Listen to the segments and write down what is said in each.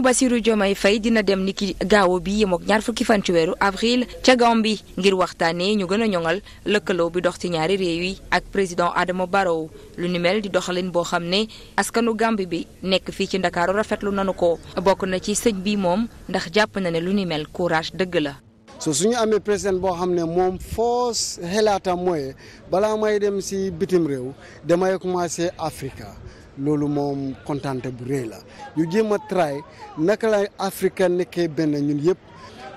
président Bassirou Diomaye fay dina dem ni ki gaawo bi yemook ñaar fukki fan ci weeru avril ca Gambie ngir waxtaanee ñu gën a ñoŋal lëkkaloo bi dox ci ñaari réew yi ak président Adama Barrow lu ni mel di doxalin boo xam ne askanu Gambie bi nekk fii ci Ndakaaru rafetlu nanu ko bokk na ci sëñ bi moom ndax jàpp na ne lu ni mel courage dëgg la. so su ñu amee président boo xam ne moom foos xelaatam mooy balaa may dem si bitim réew damay commencé Afrique. loolu moom kontaante bu rëy la ñu jéem a try naka la Afrique nekkee benn ñun yëpp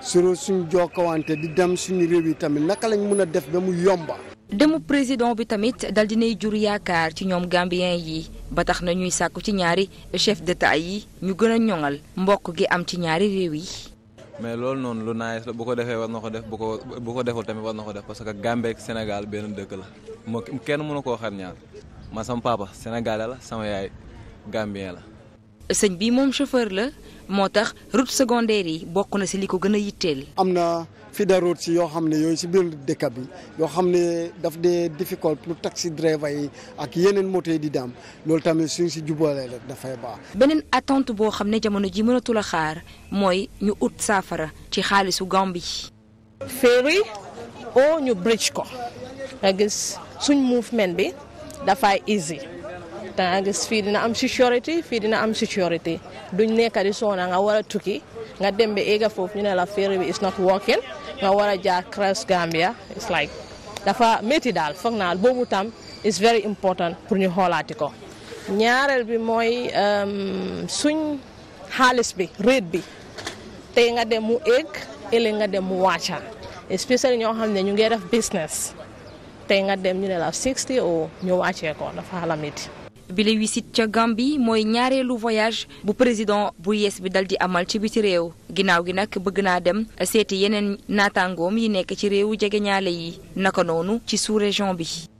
sur suñu jokkawante di dem suñu réew yi tamit naka lañ mën a def ba mu yomba. demu président bi tamit dal dinay jur yaakaar ci ñoom gambien yi ba tax na ñuy sàkku ci ñaari chef d'état yi ñu gën a ñoŋal mbokk gi am ci ñaari réew yi. mais loolu noonu lu naaj la bu ko defee war na ko def bu ko bu ko deful tamit war na ko def parce que Gambie ak Sénégal benn dëkk la moo kenn mënu koo xar ma sama papa sénégalais la sama yaay gambien la. sëñ bi moom chauffeur la moo tax route secondaire yi bokk na si li ko gën a yitteel. am na fi route si yoo xam ne yooyu si biir dëkka bi yoo xam ne daf dee difficile pour taxi driver yi ak yeneen moto yi di daam loolu tamit suñ si juboolee rek dafay baax. beneen attente boo xam ne jamono ji mënatul a xaar mooy ñu ut saafara ci xaalisu Gàmbi. ferry oo ñu bridge ko nga gis suñ movement bi. dafay easy da gis fii dina am sécurité fii dina am sécurité duñ nekk di soona nga war a tukki nga dem bi eega foofu ñu ne la ferry bi is not working nga war a jaar cross Gambia it's like dafa métti daal foog naa boobu tam is very important pour ñu xoolaati ko ñaareel bi mooy um, suñ xaalis bi rate bi te nga dem mu eeg ëllëg nga dem mu wàcca especially ñoo xam ñu ngi def business tey nga dem ñu ne la 60 o ñu wàccee ko dafa xala métti bile wisit ca Gambie mooy ñaareelu voyage bu président bu yees bi dal di amal ci biti réew ginnaaw gi nag bëgg naa dem seeti yeneen naataangoom yi nekk ci réewu jege ñaale yi naka noonu ci sous-région bi